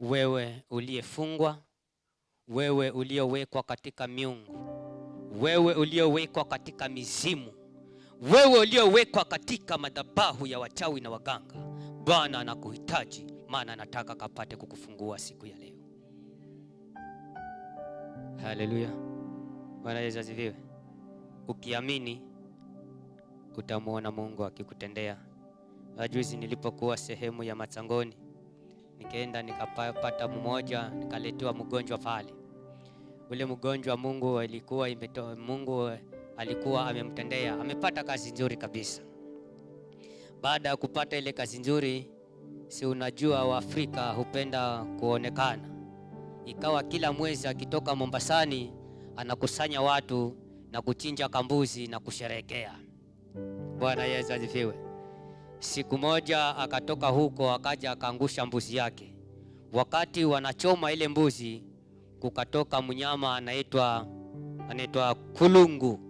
wewe uliyefungwa, wewe uliyowekwa katika miungu, wewe uliyowekwa katika mizimu, wewe uliyowekwa katika madhabahu ya wachawi na waganga, Bwana anakuhitaji, maana anataka kapate kukufungua siku ya leo. Haleluya! Bwana Yesu asifiwe. Ukiamini utamwona Mungu akikutendea. Ajuzi nilipokuwa sehemu ya matangoni nikaenda nikapata mmoja, nikaletewa mgonjwa pale. Ule mgonjwa Mungu alikuwa imetoa, Mungu alikuwa amemtendea, amepata kazi nzuri kabisa. Baada ya kupata ile kazi nzuri, si unajua Waafrika hupenda kuonekana, ikawa kila mwezi akitoka Mombasani anakusanya watu na kuchinja kambuzi na kusherekea. Bwana Yesu asifiwe. Siku moja akatoka huko akaja akaangusha mbuzi yake. Wakati wanachoma ile mbuzi, kukatoka mnyama anaitwa anaitwa kulungu.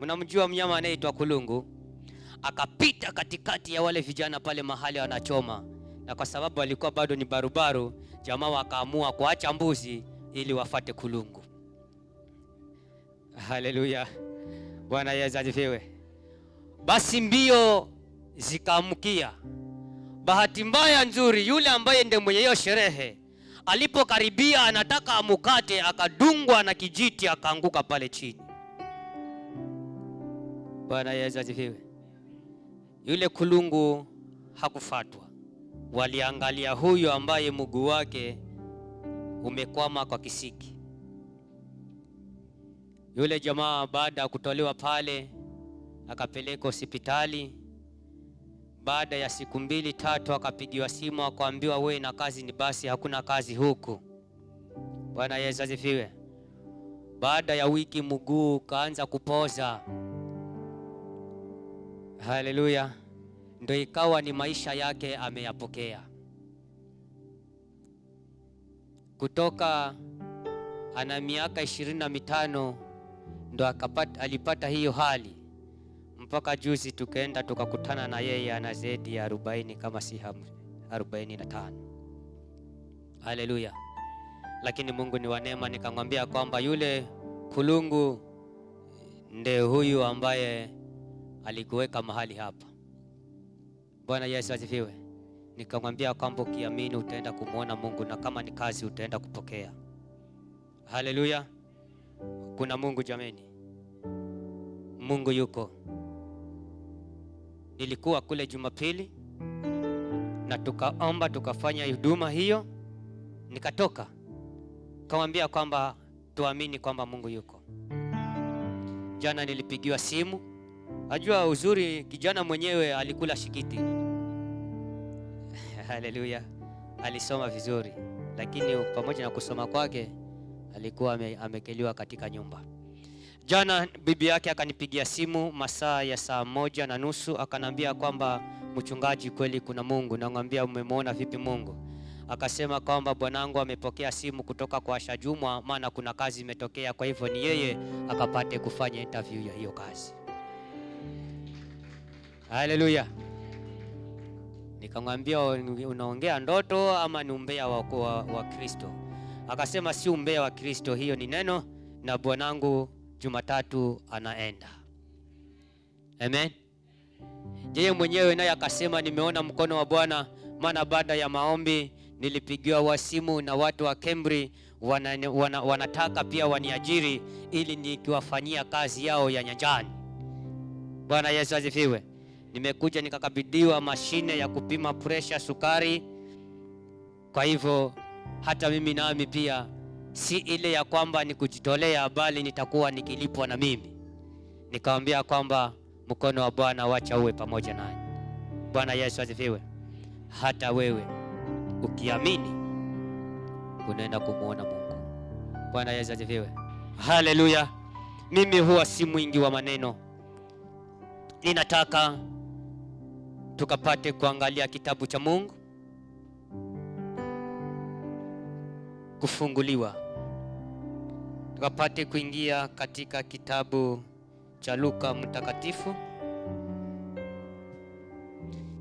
Mnamjua mnyama anaitwa kulungu? Akapita katikati ya wale vijana pale mahali wanachoma, na kwa sababu alikuwa bado ni barubaru, jamaa wakaamua kuacha mbuzi ili wafate kulungu. Haleluya, Bwana Yesu asifiwe. Basi mbio zikamkia. Bahati mbaya nzuri, yule ambaye ndiye mwenye hiyo sherehe alipokaribia anataka amukate, akadungwa na kijiti, akaanguka pale chini. Bwana Yesu asifiwe. Yule kulungu hakufatwa, waliangalia huyo ambaye mguu wake umekwama kwa kisiki. Yule jamaa baada ya kutolewa pale akapelekwa hospitali baada ya siku mbili tatu, akapigiwa simu akaambiwa, wewe na kazi ni basi, hakuna kazi huku. Bwana Yesu asifiwe. Baada ya wiki mguu kaanza kupoza. Haleluya, ndo ikawa ni maisha yake ameyapokea kutoka ana miaka ishirini na mitano ndo akapata, alipata hiyo hali mpaka juzi tukaenda tukakutana na yeye ana zaidi ya 40 kama si 45. Haleluya! Lakini Mungu ni wanema nikamwambia kwamba yule kulungu nde huyu ambaye alikuweka mahali hapa. Bwana Yesu asifiwe. Nikamwambia kwamba ukiamini utaenda kumwona Mungu, na kama ni kazi utaenda kupokea. Haleluya! Kuna Mungu jameni, Mungu yuko nilikuwa kule Jumapili na tukaomba, tukafanya huduma hiyo, nikatoka kawambia kwamba tuamini kwamba Mungu yuko. Jana nilipigiwa simu, ajua uzuri, kijana mwenyewe alikula shikiti haleluya, alisoma vizuri, lakini pamoja na kusoma kwake alikuwa amekeliwa katika nyumba Jana bibi yake akanipigia simu masaa ya saa moja na nusu akanambia kwamba mchungaji, kweli kuna Mungu. Namwambia umemwona vipi Mungu? Akasema kwamba bwanangu amepokea simu kutoka kwa Asha Jumwa, maana kuna kazi imetokea, kwa hivyo ni yeye akapate kufanya interview ya hiyo kazi. Haleluya! Nikamwambia unaongea ndoto ama ni umbea wa, wa, wa Kristo? Akasema si umbea wa Kristo, hiyo ni neno na bwanangu Jumatatu anaenda. Amen. Yeye mwenyewe naye akasema, nimeona mkono wa Bwana, maana baada ya maombi nilipigiwa wasimu na watu wa Kemri wana, wana, wanataka pia waniajiri ili nikiwafanyia kazi yao ya nyanjani. Bwana Yesu asifiwe. Nimekuja nikakabidhiwa mashine ya kupima presha, sukari. Kwa hivyo hata mimi nami pia si ile ya kwamba ni kujitolea, bali nitakuwa nikilipwa na mimi. Nikamwambia kwamba mkono wa Bwana wacha uwe pamoja naye. Bwana Yesu asifiwe. Hata wewe ukiamini unaenda kumwona Mungu. Bwana Yesu asifiwe. Haleluya. Mimi huwa si mwingi wa maneno, ninataka tukapate kuangalia kitabu cha Mungu kufunguliwa tukapate kuingia katika kitabu cha Luka mtakatifu,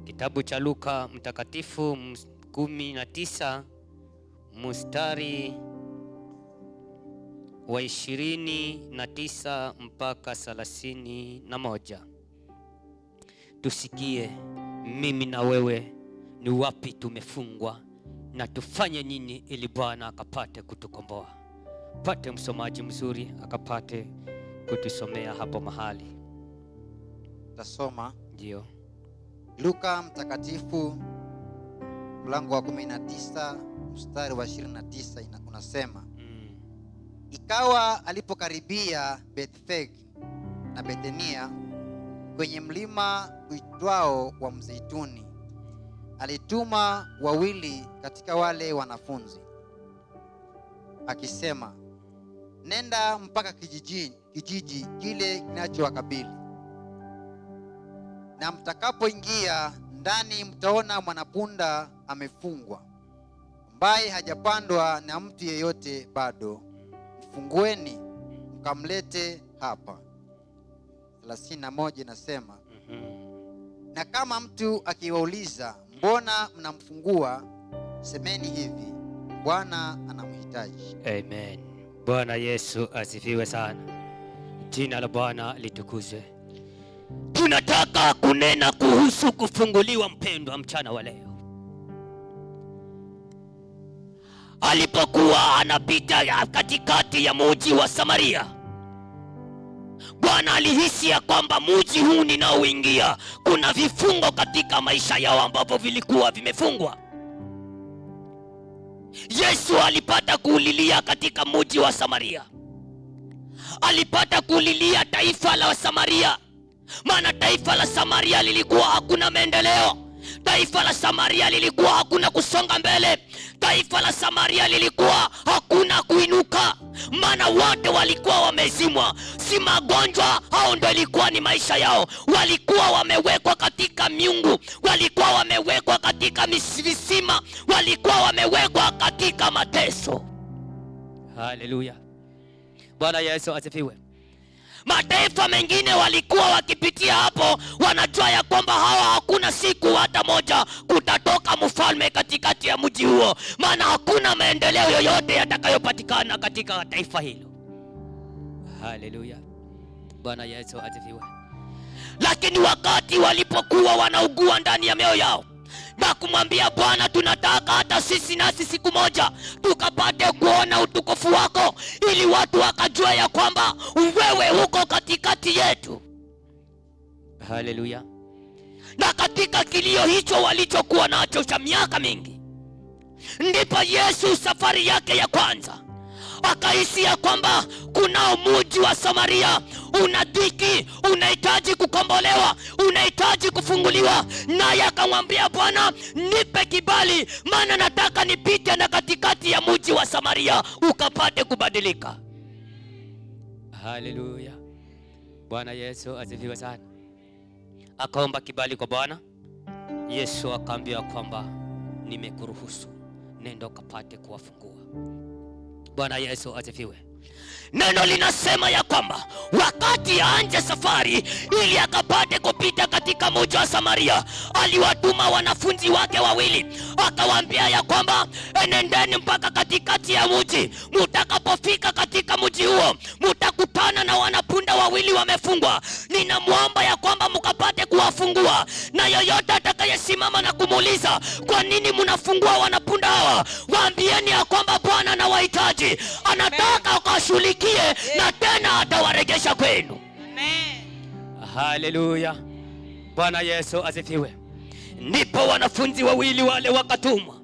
kitabu cha Luka mtakatifu 19 mstari wa 29 mpaka 31. Tusikie mimi na wewe ni wapi tumefungwa na tufanye nini ili Bwana akapate kutukomboa pate msomaji mzuri akapate kutusomea hapo mahali. Tasoma ndio Luka mtakatifu mlango wa 19 mstari wa 29 unasema mm. Ikawa alipokaribia bethfeg na Bethania kwenye mlima uitwao wa Mzeituni, alituma wawili katika wale wanafunzi akisema, nenda mpaka kijijini, kijiji kile kinachowakabili, na mtakapoingia ndani mtaona mwanapunda amefungwa, ambaye hajapandwa na mtu yeyote bado. Mfungueni mkamlete hapa. thelathini na moja inasema mm -hmm. na kama mtu akiwauliza mbona mnamfungua, semeni hivi, Bwana anamhitaji. Amen. Bwana Yesu asifiwe sana. Jina la Bwana litukuzwe. Tunataka kunena kuhusu kufunguliwa, mpendwa, mchana wa leo. Alipokuwa anapita katikati ya muji wa Samaria, Bwana alihisi ya kwamba muji huu ninaoingia kuna vifungo katika maisha yao ambavyo vilikuwa vimefungwa Yesu alipata kuulilia katika mji wa Samaria, alipata kuulilia taifa la Samaria, maana taifa la Samaria lilikuwa hakuna maendeleo. Taifa la Samaria lilikuwa hakuna kusonga mbele. Taifa la Samaria lilikuwa hakuna kuinuka maana wote walikuwa wamezimwa, si magonjwa. au ndio ilikuwa ni maisha yao, walikuwa wamewekwa katika miungu, walikuwa wamewekwa katika visima, walikuwa wamewekwa katika mateso. Haleluya! Bwana Yesu asifiwe. Mataifa mengine walikuwa wakipitia hapo, wanajua ya kwamba hawa hakuna siku hata moja kutatoka mfalme katikati ya mji huo, maana hakuna maendeleo yoyote yatakayopatikana katika taifa hilo. Haleluya, Bwana Yesu asifiwe. Lakini wakati walipokuwa wanaugua ndani ya mioyo yao na kumwambia Bwana, tunataka hata sisi nasi siku moja tukapate kuona utukufu wako, ili watu wakajua ya kwamba wewe huko katikati yetu. Haleluya! Na katika kilio hicho walichokuwa nacho cha miaka mingi, ndipo Yesu safari yake ya kwanza akahisi ya kwamba kunao muji wa Samaria una dhiki, unahitaji kukombolewa, unahitaji kufunguliwa. Naye akamwambia, Bwana, nipe kibali, maana nataka nipite na katikati ya mji wa Samaria ukapate kubadilika. Haleluya, Bwana Yesu asifiwe sana. Akaomba kibali kwa Bwana Yesu, akaambia kwamba nimekuruhusu, nenda ukapate kuwafungua. Bwana Yesu asifiwe. Neno linasema ya kwamba wakati aanje safari ili akapate kupita katika mji wa Samaria, aliwatuma wanafunzi wake wawili, akawaambia ya kwamba enendeni mpaka katikati ya mji, mutakapofika katika mji huo mutakutana na wanapunda wawili wamefungwa. Ninamwomba ya kwamba mukapate kuwafungua, na yoyote atakayesimama na kumuuliza kwa nini munafungua wanapunda hawa, waambieni ya kwamba Bwana anawahitaji, anataka ukashughulike msikie na tena atawarejesha kwenu. Haleluya, Bwana Yesu azifiwe Ndipo wanafunzi wawili wale wakatumwa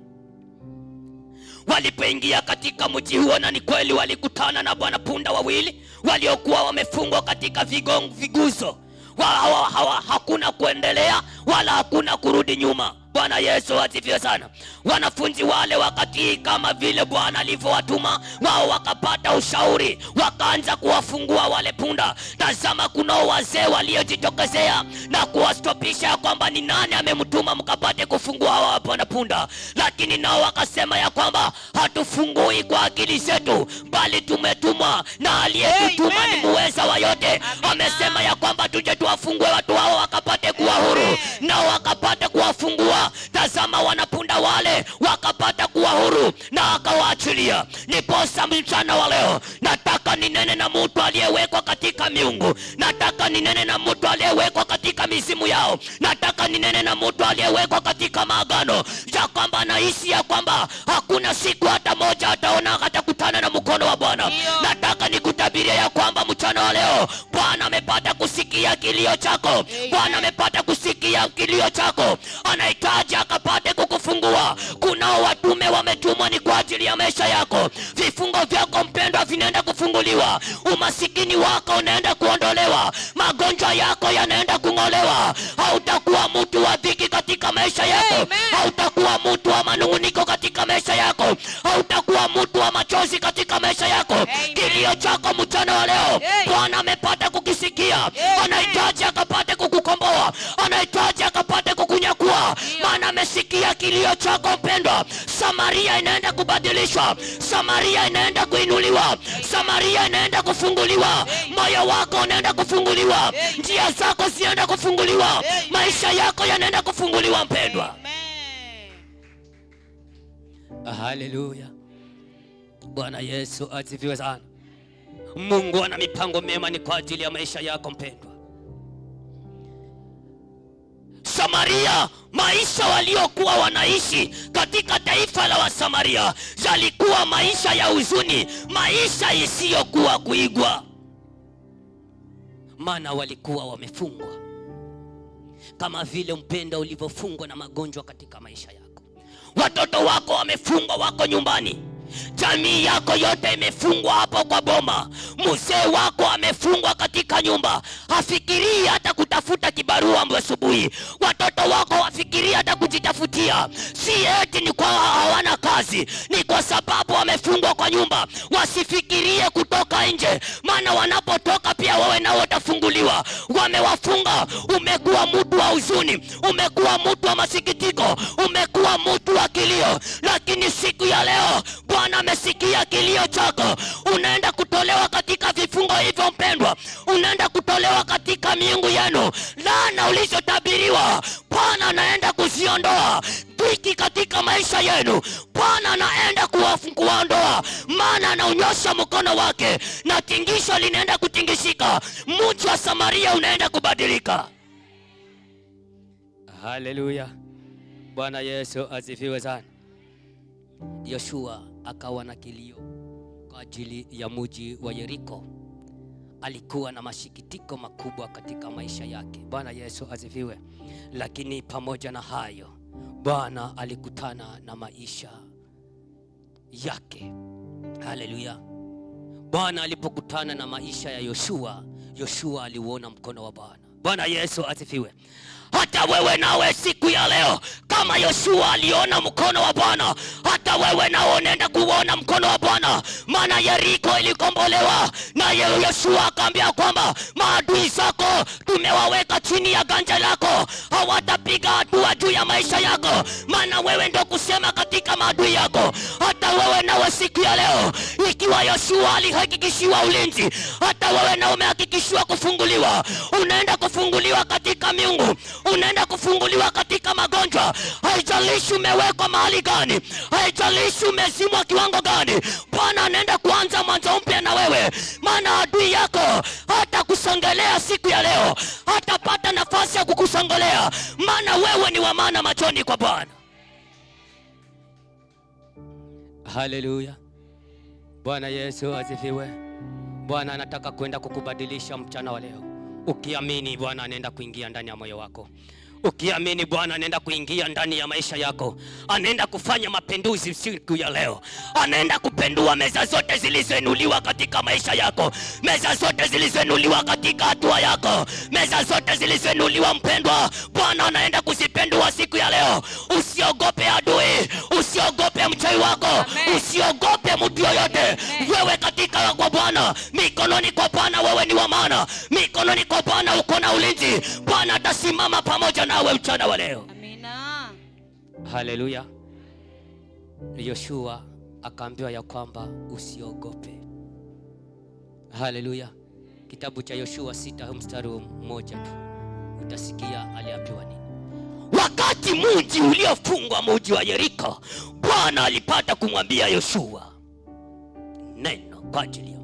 walipoingia katika mji huo, na ni kweli walikutana na bwana punda wawili waliokuwa wamefungwa katika vigongo, viguzo. Wa, wa, wa, hakuna kuendelea wala hakuna kurudi nyuma. Bwana Yesu asifiwe sana. Wanafunzi wale wakatii kama vile Bwana alivyowatuma wao, wakapata ushauri, wakaanza kuwafungua wale punda. Tazama, kunao wazee waliojitokezea na kuwastopisha ya kwamba ni nani amemtuma mkapate kufungua hawa punda, lakini nao wakasema ya kwamba hatufungui kwa akili zetu, bali tumetumwa na aliyetutuma ni muweza wa yote. Amesema ya kwamba tuje tuwafungue watu hao wakapate kuwa huru, nao wakapata kuwafungua Tazama, wanapunda wale wakapata kuwa huru na akawaachilia. Niposa mchana wa leo nataka ninene na mtu aliyewekwa katika miungu, nataka ninene na mtu aliyewekwa katika mizimu yao, nataka ninene na mtu aliyewekwa katika maagano ya kwamba anaishi ya kwamba hakuna siku hata moja ataona hatakutana na mkono wa Bwana. Nataka nikutabiria ya kwamba mchana wa leo Bwana amepata kusikia kilio chako. Bwana amepata kusikia kilio chako, anahitaji akapate kukufungua. Kunao watume wametumwa ni kwa ajili ya maisha yako. Vifungo vyako mpendwa vinaenda kufunguliwa, umasikini wako unaenda kuondolewa, magonjwa yako yanaenda kung'olewa. Hautakuwa mtu wa dhiki katika maisha yako. Hautakuwa mtu wa manunguniko katika maisha yako. Hautakuwa mtu wa machozi katika maisha yako. Kilio chako mchana wa leo Bwana amepata kukusikia, anahitaji akapate kukukomboa, anahitaji akapate kukunyakua, maana amesikia kilio chako mpendwa. Samaria inaenda kubadilishwa, Samaria inaenda kuinuliwa, Samaria inaenda kufunguliwa, moyo wako unaenda kufunguliwa, njia zako zinaenda kufunguliwa, maisha yako yanaenda kufunguliwa mpendwa. Ah, Haleluya! Bwana Yesu asifiwe sana. Mungu ana mipango mema, ni kwa ajili ya maisha yako mpendwa. Samaria, maisha waliokuwa wanaishi katika taifa la Wasamaria yalikuwa maisha ya huzuni, maisha isiyokuwa kuigwa, maana walikuwa wamefungwa kama vile mpenda ulivyofungwa na magonjwa katika maisha yako. Watoto wako wamefungwa, wako nyumbani Jamii yako yote imefungwa hapo kwa boma, mzee wako amefungwa katika nyumba, hafikirii hata kutafuta kibarua asubuhi. Watoto wako hafikirii hata kujitafutia, si eti ni kwa hawana kazi, ni kwa sababu wamefungwa kwa nyumba, wasifikirie kutoka nje, maana wanapotoka pia wawe nao watafunguliwa. Wamewafunga. Umekuwa mtu wa huzuni, umekuwa mtu wa masikitiko kilio, lakini siku ya leo Bwana amesikia kilio chako. Unaenda kutolewa katika vifungo hivyo, mpendwa, unaenda kutolewa katika miungu yenu. Laana ulizotabiriwa, Bwana anaenda kuziondoa dhiki katika maisha yenu. Bwana anaenda kuwaondoa, maana anaunyosha mkono wake na tingisho linaenda kutingishika. Mji wa Samaria unaenda kubadilika. Haleluya! Bwana Yesu azifiwe sana. Yoshua akawa na kilio kwa ajili ya mji wa Yeriko. Alikuwa na mashikitiko makubwa katika maisha yake. Bwana Yesu azifiwe Lakini pamoja na hayo, Bwana alikutana na maisha yake. Haleluya. Bwana alipokutana na maisha ya Yoshua, Yoshua aliuona mkono wa Bwana. Bwana Yesu asifiwe. Hata wewe nawe siku ya leo, kama Yoshua aliona mkono wa Bwana, hata wewe nawe unaenda kuona mkono wa Bwana. Maana Yeriko ilikombolewa na Yoshua akaambia kwamba maadui zako tumewaweka chini ya ganja lako, hawatapiga hatua juu ya maisha yako, maana wewe ndio kusema katika maadui yako. Hata wewe nawe siku ya leo, ikiwa Yoshua alihakikishiwa ulinzi, hata wewe na umehakikishiwa kufunguliwa, unaenda kufunguliwa katika miungu unaenda kufunguliwa katika magonjwa. Haijalishi umewekwa mahali gani, haijalishi umezimwa kiwango gani, Bwana anaenda kuanza mwanzo mpya na wewe, maana adui yako hata kusongelea siku ya leo hatapata nafasi ya kukusongelea, maana wewe ni wa maana machoni kwa Bwana. Haleluya! Bwana Yesu asifiwe. Bwana anataka kwenda kukubadilisha mchana wa leo ukiamini Bwana anaenda kuingia ndani ya moyo wako. Ukiamini Bwana anaenda kuingia ndani ya maisha yako, anaenda kufanya mapinduzi siku ya leo, anaenda kupendua meza zote zilizoinuliwa katika maisha yako, meza zote zilizoinuliwa katika hatua yako, meza zote zilizoinuliwa. Mpendwa, Bwana anaenda kuzipendua siku ya leo. Usiogope adui, usiogope mchawi wako Amen. Usiogope mtu yoyote Wewe katika kwa Bwana, mikononi kwa Bwana wewe ni wa maana, mikononi kwa Bwana uko na ulinzi. Bwana atasimama pamoja na nawe mchana wa leo. Amina. Haleluya. Yoshua akaambiwa ya kwamba usiogope. Haleluya. Kitabu cha Yoshua sita mstari mmoja tu utasikia aliambiwa nini. Wakati muji uliofungwa muji wa Yeriko, Bwana alipata kumwambia Yoshua neno kwa ajili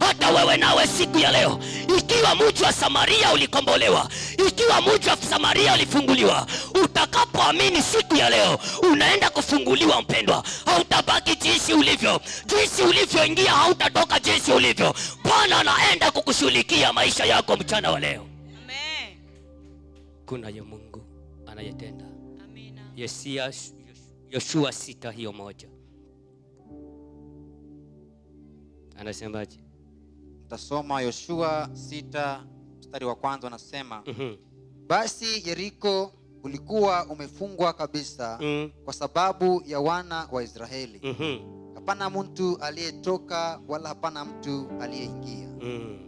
hata wewe nawe siku ya leo, ikiwa mji wa Samaria ulikombolewa, ikiwa mji wa Samaria ulifunguliwa, utakapoamini siku ya leo, unaenda kufunguliwa. Mpendwa, hautabaki jinsi ulivyo. Jinsi ulivyoingia hautatoka jinsi ulivyo. Bwana anaenda kukushughulikia maisha yako mchana wa leo. Amen. Kuna ya Mungu anayetenda. yesia Yoshua sita hiyo moja anasemaje? tasoma Yoshua sita mstari wa kwanza anasema mm -hmm. Basi Yeriko ulikuwa umefungwa kabisa mm -hmm. kwa sababu ya wana wa Israeli mm -hmm. hapana mtu aliyetoka wala hapana mtu aliyeingia. mm.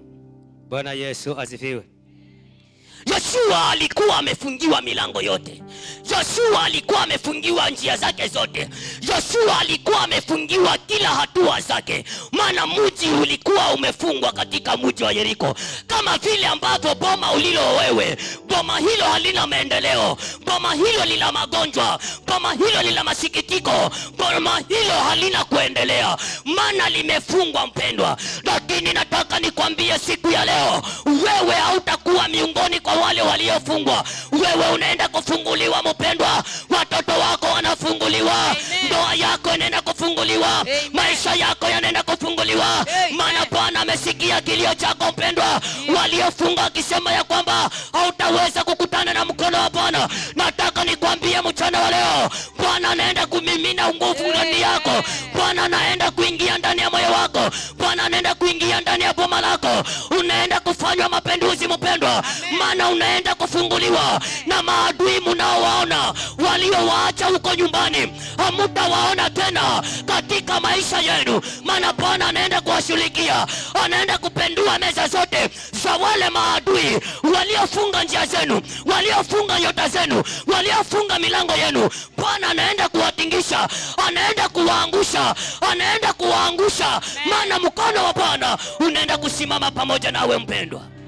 Bwana Yesu asifiwe. Yoshua alikuwa amefungiwa milango yote. Yoshua alikuwa amefungiwa njia zake zote. Yoshua alikuwa amefungiwa kila dua zake, maana mji ulikuwa umefungwa katika mji wa Yeriko. Kama vile ambavyo boma ulilo wewe, boma hilo halina maendeleo, boma hilo lina magonjwa, boma hilo lina masikitiko, boma hilo halina kuendelea, maana limefungwa, mpendwa. Lakini nataka nikwambie siku ya leo, wewe hautakuwa miongoni kwa wale waliofungwa. Wewe unaenda kufunguliwa, mpendwa, watoto wako wanafunguliwa, ndoa yako inaenda kufunguliwa, maisha yako yanaenda kufunguliwa, maana Bwana amesikia kilio chako mpendwa. Waliofunga akisema ya kwamba hautaweza kukutana na mkono wa Bwana, nataka nikwambie mchana wa leo, Bwana anaenda kumimina nguvu ndani yako. Bwana anaenda kuingia ndani ya moyo wako lako. Bwana anaenda kuingia ndani ya boma lako, unaenda kufanywa mapenduzi mpendwa, maana unaenda kufunguliwa na maadui munaowaona waliowaacha huko nyumbani, hamutawaona tena katika maisha yenu, maana Bwana anaenda kuwashughulikia, anaenda kupendua meza zote za wale maadui adui waliofunga njia zenu, waliofunga nyota zenu, waliofunga milango yenu, Bwana anaenda kuwatingisha, anaenda kuwaangusha, anaenda kuwaangusha, maana mkono wa Bwana unaenda kusimama pamoja nawe mpendwa.